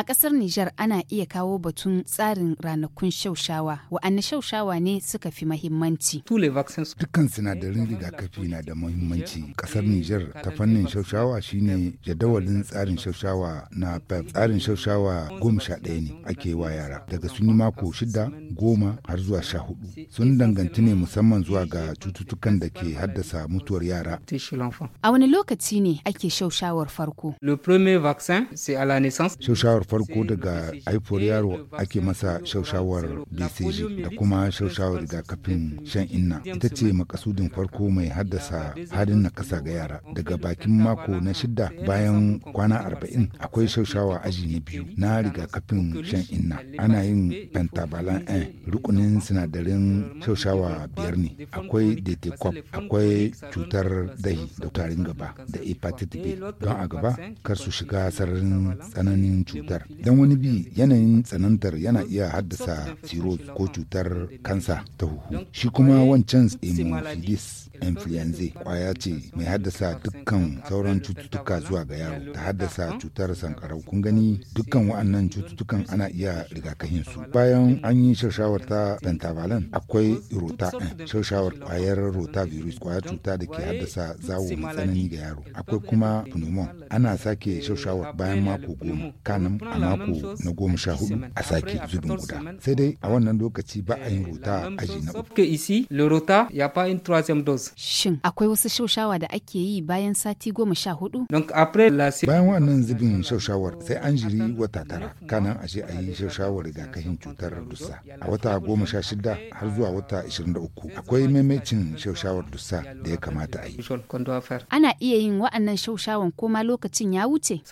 A ƙasar Nijar ana iya kawo batun tsarin ranakun shaushawa, wa'anne shaushawa ne suka fi mahimmanci. Dukkan sinadarin rigakafi na da mahimmanci. Ƙasar Nijar ta fannin shaushawa shine jadawalin tsarin shaushawa na PEP. Tsarin shaushawa goma sha ɗaya ne ake wa yara. Daga sun yi mako shida, goma har zuwa sha hudu. Sun danganci ne musamman zuwa ga cututtukan da ke haddasa mutuwar yara. A wani lokaci ne ake shaushawar farko? naissance. farko daga haifuwar yaro ake masa shaushawar bcg da kuma shaushawar rigakafin shan inna ita ce makasudin farko mai haddasa halin nakasa ga yara daga bakin mako na shidda bayan kwana arba'in akwai shaushawa aji na biyu na rigakafin shan inna ana yin pentabalan n rukunin sinadarin shaushawa biyar ne akwai detekop akwai cutar dahi da tarin gaba da hepatitis b don a gaba kar su shiga sararin tsananin cutar cutar don wani bi yanayin tsanantar yana iya haddasa cirrhosis ko cutar kansa ta huhu shi kuma wancan hemophilus influenzae kwaya ce mai haddasa dukkan sauran cututtuka zuwa ga yaro ta haddasa cutar sankarau kun gani dukkan wa'annan cututtukan ana iya rigakafin su bayan an yi shirshawar ta pentavalent akwai rota shirshawar kwayar rota virus kwayar cuta da ke haddasa zawo mai tsanani ga yaro akwai kuma pneumon ana sake shashawar, bayan mako goma kanan a mako na goma sha hudu a sake zubin guda sai dai a wannan lokaci ba a yin rota eh, aji na uku e shin akwai wasu shaushawa da ake yi bayan sati goma sha hudu bayan wannan zubin shaushawar sai an jiri wata tara kanan a ce a yi shaushawar rigakafin cutar dusa a wata goma sha shida har zuwa wata ashirin da uku akwai maimacin shaushawar dusa da ya kamata a yi ana iya yin wa'annan shaushawan ma lokacin ya wuce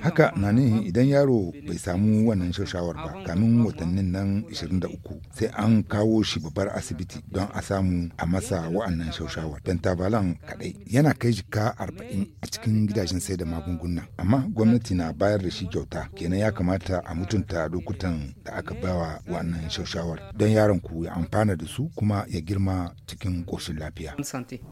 haka na nihin idan yaro bai samu wannan shawar ba kamin watannin nan 23 sai an kawo shi babbar asibiti don a samu a masa wa'annan shawar tabalan kadai yana kai jika 40 a cikin gidajen sai da magunguna amma gwamnati na bayar da shi kyauta kenan ya kamata a mutunta lokutan da aka bawa wa'annan shawar don yaron ku ya amfana da su kuma ya girma cikin ƙoshin lafiya